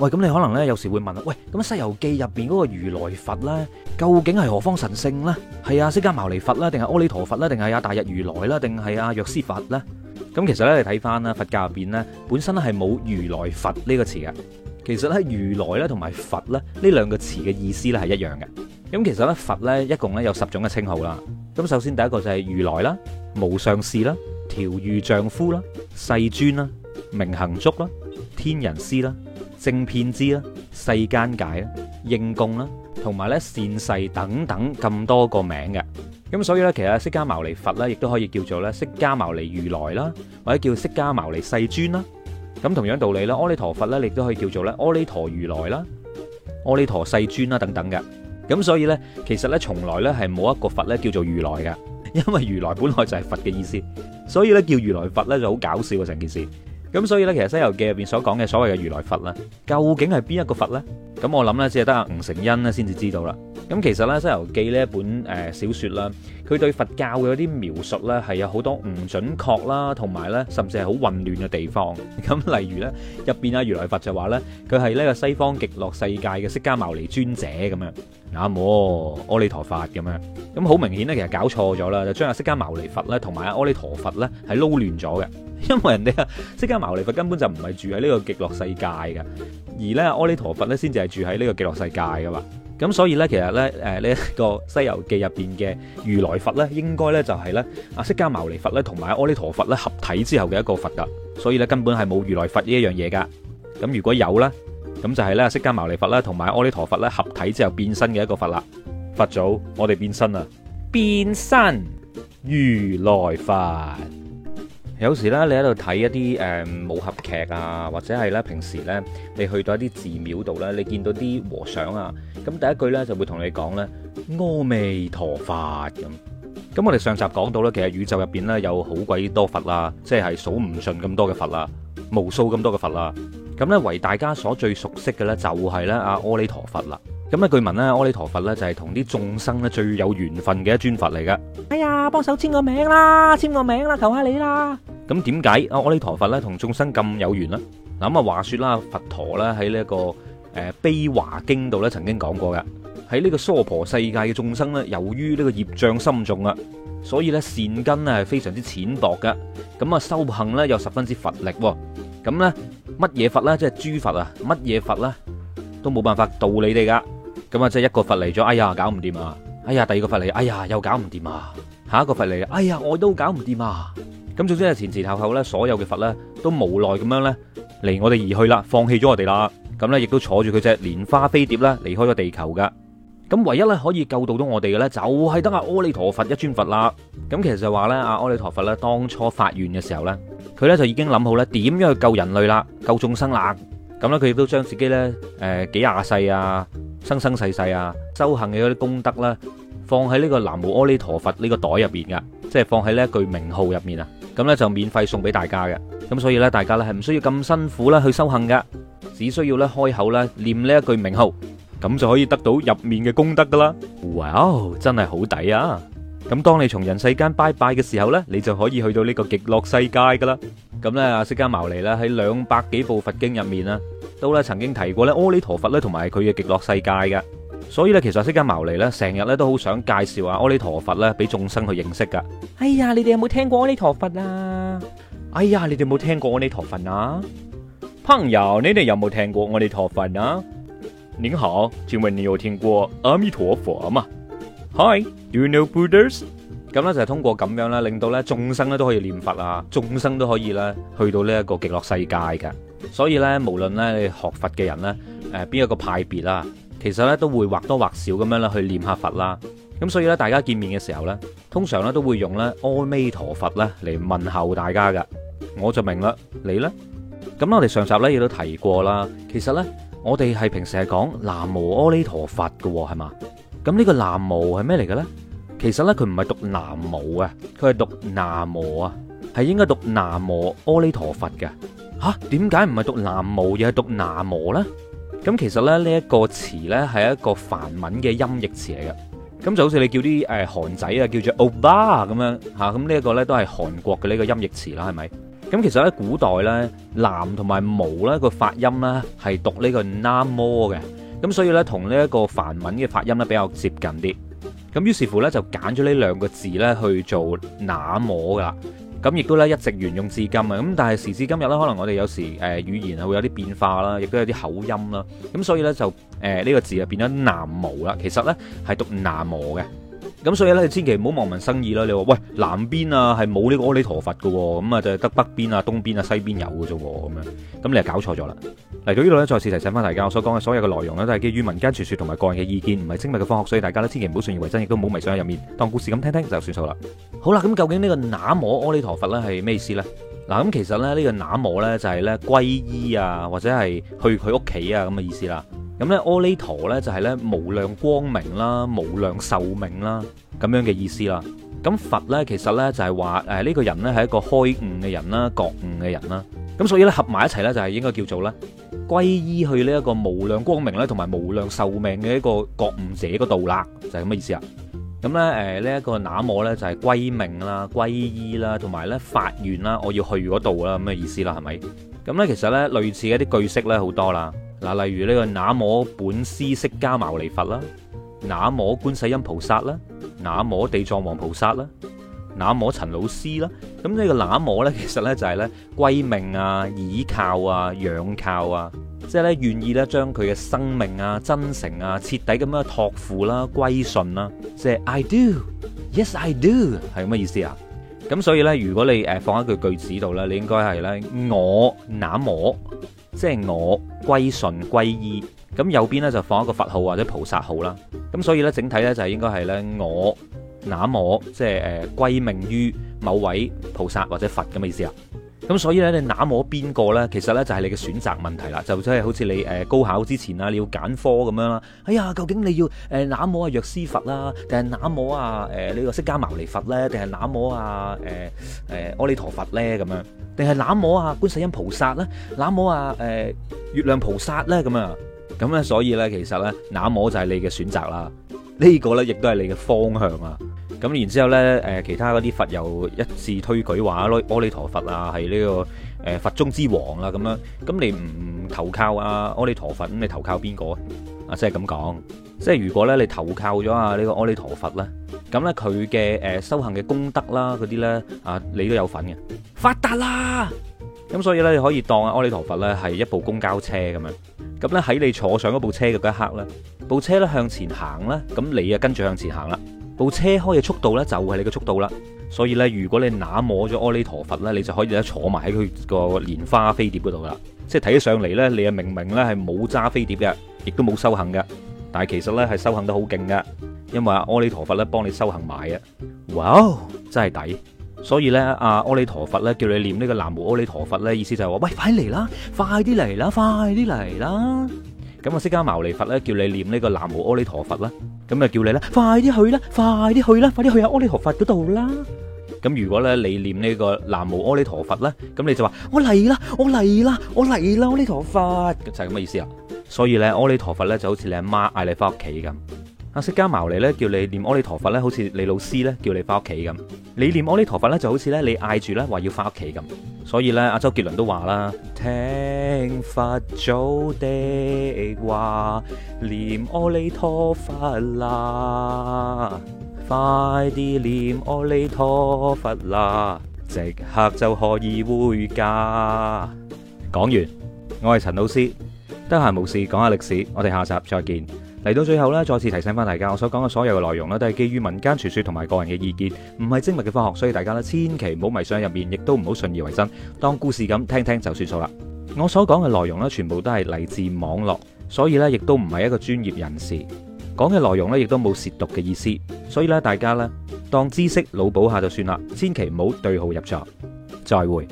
喂，咁你可能咧有時會問啊，喂，咁《西遊記》入邊嗰個如來佛咧，究竟係何方神聖咧？係啊，釋迦牟尼佛啦，定係阿彌陀佛啦，定係阿大日如來啦，定係阿藥師佛咧？咁其實咧，你睇翻啦，佛教入邊咧本身係冇如來佛呢個詞嘅。其實咧，如來咧同埋佛咧呢兩個詞嘅意思咧係一樣嘅。咁其實咧，佛咧一共咧有十種嘅稱號啦。咁首先第一個就係如來啦、無上士啦、調御丈夫啦、世尊啦、明行足啦、天人師啦。正遍知啦、世間解啦、應供啦，同埋咧善世等等咁多個名嘅，咁所以咧，其實釋迦牟尼佛咧，亦都可以叫做咧釋迦牟尼如來啦，或者叫釋迦牟尼世尊啦。咁同樣道理咧，阿彌陀佛咧，亦都可以叫做咧阿彌陀如來啦、阿彌陀世尊啦等等嘅。咁所以咧，其實咧，從來咧係冇一個佛咧叫做如來嘅，因為如來本來就係佛嘅意思，所以咧叫如來佛咧就好搞笑啊成件事。咁所以呢，其實《西遊記》入邊所講嘅所謂嘅如來佛呢，究竟係邊一個佛呢？咁我諗呢，只係得阿吳承恩呢先至知道、呃、啦。咁其實咧，《西遊記》呢一本小説啦。佢對佛教嘅啲描述呢，係有好多唔準確啦，同埋呢，甚至係好混亂嘅地方。咁例如呢，入面阿如來佛就話呢，佢係呢個西方極樂世界嘅釋迦牟尼尊者咁樣，阿摩阿彌陀佛咁樣。咁好明顯呢，其實搞錯咗啦，就將阿釋迦牟尼佛呢同埋阿阿彌陀佛呢係撈亂咗嘅。因為人哋阿釋迦牟尼佛根本就唔係住喺呢個極樂世界嘅，而呢，阿阿彌陀佛呢先至係住喺呢個極樂世界噶嘛。咁所以呢，其實咧，誒呢一個《西遊記》入邊嘅如來佛呢，應該呢就係呢，阿釋迦牟尼佛呢同埋阿阿彌陀佛呢合體之後嘅一個佛噶，所以呢，根本係冇如來佛呢一樣嘢㗎。咁如果有呢，咁就係呢，釋迦牟尼佛呢同埋阿阿彌陀佛呢合體之後變身嘅一個佛啦，佛祖，我哋變身啦，變身如來佛。有時咧，你喺度睇一啲誒、嗯、武俠劇啊，或者係咧平時咧，你去到一啲寺廟度咧，你見到啲和尚啊，咁第一句咧就會同你講咧阿彌陀佛咁。咁我哋上集講到咧，其實宇宙入邊咧有好鬼多佛啦、啊，即係數唔盡咁多嘅佛啦、啊，無數咁多嘅佛啦、啊。咁咧為大家所最熟悉嘅咧就係、是、咧阿阿彌陀佛啦、啊。咁咧據聞咧阿彌陀佛咧就係同啲眾生咧最有緣分嘅一尊佛嚟㗎。哎呀，幫手簽個名啦，簽個名啦，求下你啦！咁點解啊？阿彌陀佛咧同眾生咁有緣啦。嗱咁啊，話說啦，佛陀咧喺呢一個誒悲華經度咧曾經講過㗎。喺呢個娑婆世界嘅眾生咧，由於呢個業障深重啊，所以咧善根啊係非常之淺薄㗎。咁啊，修行咧又十分之乏力喎。咁咧，乜嘢佛咧，即係諸佛啊，乜嘢佛咧，都冇辦法度你哋噶。咁啊，即係一個佛嚟咗，哎呀搞唔掂啊！哎呀，第二個佛嚟，哎呀又搞唔掂啊！下一個佛嚟，哎呀我都搞唔掂啊！咁總之係前前後後咧，所有嘅佛咧都無奈咁樣咧離我哋而去啦，放棄咗我哋啦。咁咧亦都坐住佢隻蓮花飛碟咧離開咗地球噶。咁唯一咧可以救到到我哋嘅咧就係得阿阿彌陀佛一尊佛啦。咁其實就話咧阿阿彌陀佛咧當初發願嘅時候咧，佢咧就已經諗好咧點樣去救人類啦，救眾生啦。咁咧佢亦都將自己咧誒幾廿世啊生生世世啊修行嘅嗰啲功德啦放喺呢個南無阿彌陀佛呢個袋入邊噶，即係放喺呢一句名號入面啊。咁咧就免費送俾大家嘅，咁所以咧大家咧係唔需要咁辛苦啦去修行噶，只需要咧開口啦念呢一句名號，咁就可以得到入面嘅功德噶啦。哇，真係好抵啊！咁當你從人世間拜拜嘅時候咧，你就可以去到呢個極樂世界噶啦。咁咧阿釋迦牟尼咧喺兩百幾部佛經入面啊都咧曾經提過咧阿彌陀佛咧同埋佢嘅極樂世界噶。所以咧，其實釋迦牟尼咧，成日咧都好想介紹下阿彌陀佛咧俾眾生去認識噶。哎呀，你哋有冇聽過阿彌陀佛啊？哎呀，你哋有冇聽過阿彌陀佛啊？朋友，你哋有冇聽、啊、聽過阿彌陀佛啊？您好，請問你有聽過阿彌陀佛啊？嘛？Hi，do you know Buddhas？咁咧就係、是、通過咁樣啦，令到咧眾生咧都可以念佛啊，眾生都可以咧去到呢一個極樂世界噶。所以咧，無論咧你學佛嘅人咧，誒邊一個派別啦。其實咧都會或多或少咁樣啦去念下佛啦，咁所以咧大家見面嘅時候咧，通常咧都會用咧阿彌陀佛咧嚟問候大家噶。我就明啦，你咧，咁啦我哋上集咧亦都提過啦，其實咧我哋係平時係講南無阿彌陀佛嘅係嘛？咁呢個南無係咩嚟嘅咧？其實咧佢唔係讀南無啊，佢係讀南無啊，係應該讀南無阿彌陀佛嘅。吓，點解唔係讀南無，而係讀南無咧？咁其實咧，這個、詞呢是一個詞呢，係一個梵文嘅音譯詞嚟嘅，咁就好似你叫啲誒韓仔啊，叫做歐巴咁樣嚇，咁呢一個呢，都係韓國嘅呢個音譯詞啦，係咪？咁其實咧，古代呢，南同埋無呢個發音呢，係讀呢個 namo 嘅，咁所以呢，同呢一個梵文嘅發音呢比較接近啲，咁於是乎呢，就揀咗呢兩個字呢去做 namo 噶。咁亦都咧一直沿用至今啊！咁但係時至今日咧，可能我哋有時、呃、語言會有啲變化啦，亦都有啲口音啦。咁所以咧就呢、呃呢個字啊變咗南無啦。其實咧係讀南無嘅。咁所以咧千祈唔好望文生義啦。你話喂南邊啊係冇呢個阿彌陀佛㗎喎，咁、嗯、啊就係得北邊啊、東邊啊、西邊有嘅啫喎咁樣。咁你係搞錯咗啦。嚟到呢度咧，再次提醒翻大家，我所講嘅所有嘅內容呢都係基於民間傳說同埋個人嘅意見，唔係精密嘅科學，所以大家都千祈唔好信以為真，亦都唔好迷信喺入面，當故事咁聽聽就算數啦。好啦，咁究竟呢個那摩阿彌陀佛咧係咩意思呢？嗱，咁其實咧呢個那摩咧就係咧皈依啊，或者係去佢屋企啊咁嘅意思啦。咁咧阿彌陀咧就係咧無量光明啦、無量壽命啦咁樣嘅意思啦。咁佛咧其實咧就係話誒呢個人咧係一個開悟嘅人啦、覺悟嘅人啦。咁所以咧，合埋一齊咧，就係應該叫做咧歸依去呢一個無量光明咧，同埋無量壽命嘅一個覺悟者嗰度啦，就係咁嘅意思啊。咁咧，誒呢一個那摩咧就係歸命啦、歸依啦、同埋咧發願啦，我要去嗰度啦咁嘅意思啦，係咪？咁咧，其實咧類似一啲句式咧好多啦。嗱，例如呢個那摩本師釋迦牟尼佛啦，那摩觀世音菩薩啦，那摩地藏王菩薩啦。哪摩陳老師啦，咁呢個哪摩呢，其實呢就係呢歸命啊、倚靠啊、仰靠啊，即係呢願意呢將佢嘅生命啊、真誠啊，徹底咁樣託付啦、啊、歸順啦，即係 I do，Yes I do，係咁嘅意思啊。咁所以呢，如果你誒放一句句子度呢，你應該係呢我哪摩，即係我歸順歸依，咁右邊呢就放一個佛號或者菩薩號啦。咁所以呢，整體呢就係應該係我。南無即係誒歸命於某位菩薩或者佛咁嘅意思啊？咁所以咧，你南無邊個咧？其實咧就係、是、你嘅選擇問題啦。就即、就、係、是、好似你誒高考之前啊，你要揀科咁樣啦。哎呀，究竟你要誒南無啊藥師佛啦、啊，定係南無啊誒呢個釋迦牟尼佛咧，定係南無啊誒誒、呃呃、阿彌陀佛咧咁樣，定係南無啊觀世音菩薩咧，南無啊誒、呃、月亮菩薩咧咁啊？咁咧所以咧，其實咧南無就係你嘅選擇啦。這個、呢個咧亦都係你嘅方向啊。咁然之後咧，誒其他嗰啲佛又一致推舉話阿彌陀佛啊係呢個誒佛中之王啦咁樣。咁你唔投靠阿阿彌陀佛，咁你投靠邊個啊？啊、就是，即係咁講，即係如果咧你投靠咗阿呢個阿彌陀佛咧，咁咧佢嘅誒修行嘅功德啦嗰啲咧啊，你都有份嘅，發達啦。咁所以咧你可以當阿阿彌陀佛咧係一部公交車咁樣。咁咧喺你坐上嗰部車嘅一刻咧，部車咧向前行咧，咁你啊跟住向前行啦。部車開嘅速度咧就係你嘅速度啦，所以咧如果你拿摸咗阿彌陀佛咧，你就可以咧坐埋喺佢個蓮花飛碟嗰度噶啦，即係睇起上嚟，咧，你啊明明咧係冇揸飛碟嘅，亦都冇修行嘅，但係其實咧係修行得好勁㗎，因為阿彌陀佛咧幫你修行埋啊，哇，真係抵，所以咧阿彌陀佛咧叫你念呢個南無阿彌陀佛咧，意思就係話，喂，快嚟啦，快啲嚟啦，快啲嚟啦。咁啊，釋迦牟尼佛咧，叫你念呢個南無阿彌陀佛啦，咁啊，叫你啦，快啲去啦，快啲去啦，快啲去阿阿彌陀佛嗰度啦。咁如果咧你念呢個南無阿彌陀佛咧，咁你就話我嚟啦，我嚟啦，我嚟啦，阿彌陀佛，就係咁嘅意思啦。所以咧，阿彌陀佛咧就好似你阿媽嗌你翻屋企咁。啊、釋迦牟尼咧叫你念阿彌陀佛咧，好似你老師咧叫你翻屋企咁。你念阿彌陀佛咧，就好似咧你嗌住咧話要翻屋企咁。所以咧，阿、啊、周杰倫都話啦：聽佛祖的話，念阿彌陀佛啦，快啲念阿彌陀佛啦，即刻就可以回家。講完，我係陳老師，得閒冇事講下歷史，我哋下集再見。嚟到最後咧，再次提醒翻大家，我所講嘅所有嘅內容咧，都係基於民間傳說同埋個人嘅意見，唔係精密嘅科學，所以大家咧千祈唔好迷上入面，亦都唔好信以為真，當故事咁聽聽就算數啦。我所講嘅內容咧，全部都係嚟自網絡，所以呢亦都唔係一個專業人士講嘅內容咧，亦都冇褻瀆嘅意思，所以咧大家咧當知識腦補下就算啦，千祈唔好對號入座。再會。